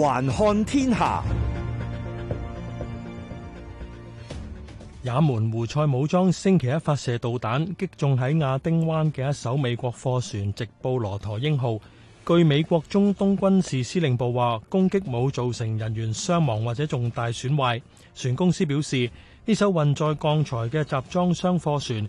環看天下，也門胡塞武裝星期一發射導彈，擊中喺亞丁灣嘅一艘美國貨船“直布羅陀鷹號”。據美國中東軍事司令部話，攻擊冇造成人員傷亡或者重大損壞。船公司表示，呢艘運載鋼材嘅集裝箱貨船。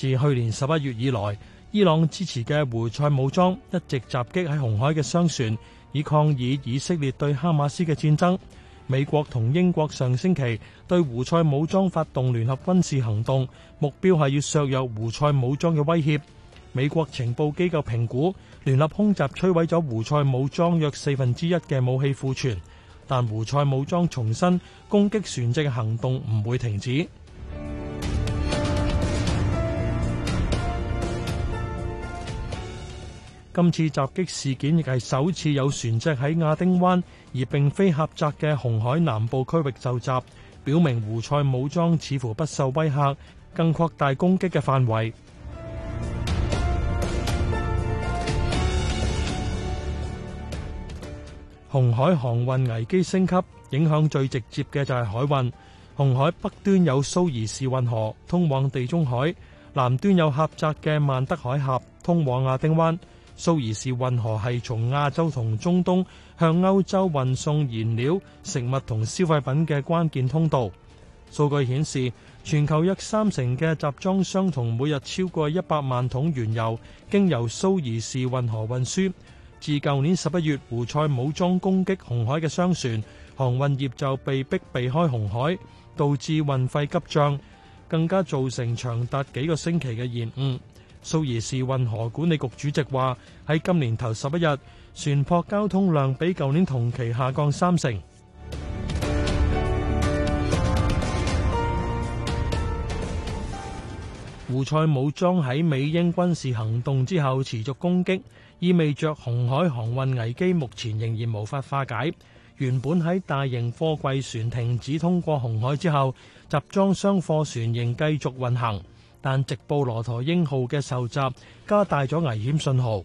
自去年十一月以來，伊朗支持嘅胡塞武裝一直襲擊喺紅海嘅商船，以抗議以，以色列對哈馬斯嘅戰爭。美國同英國上星期對胡塞武裝發動聯合軍事行動，目標係要削弱胡塞武裝嘅威脅。美國情報機構評估，聯合空襲摧毀咗胡塞武裝約四分之一嘅武器庫存，但胡塞武裝重新攻擊船隻嘅行動唔會停止。今次襲擊事件亦係首次有船隻喺亞丁灣，而並非狹窄嘅紅海南部區域受襲，表明胡塞武裝似乎不受威嚇，更擴大攻擊嘅範圍。紅海航運危機升級，影響最直接嘅就係海運。紅海北端有蘇伊士運河通往地中海，南端有狹窄嘅曼德海峽通往亞丁灣。蘇伊士運河係從亞洲同中東向歐洲運送燃料、食物同消費品嘅關鍵通道。數據顯示，全球約三成嘅集裝箱同每日超過一百萬桶原油經由蘇伊士運河運輸。自舊年十一月胡塞武裝攻擊紅海嘅商船，航運業就被迫避開紅海，導致運費急漲，更加造成長達幾個星期嘅延誤。蘇伊士運河管理局主席話：喺今年頭十一日，船舶交通量比舊年同期下降三成。胡塞武裝喺美英軍事行動之後持續攻擊，意味着紅海航運危機目前仍然無法化解。原本喺大型貨櫃船停止通過紅海之後，集裝箱貨船仍繼續運行。但直布羅陀英號嘅受襲，加大咗危險信號。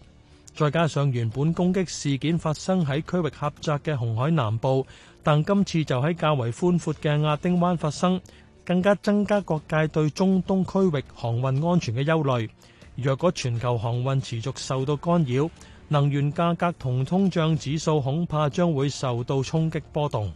再加上原本攻擊事件發生喺區域狹窄嘅紅海南部，但今次就喺較為寬闊嘅亞丁灣發生，更加增加各界對中東區域航運安全嘅憂慮。若果全球航運持續受到干擾，能源價格同通脹指數恐怕將會受到衝擊波動。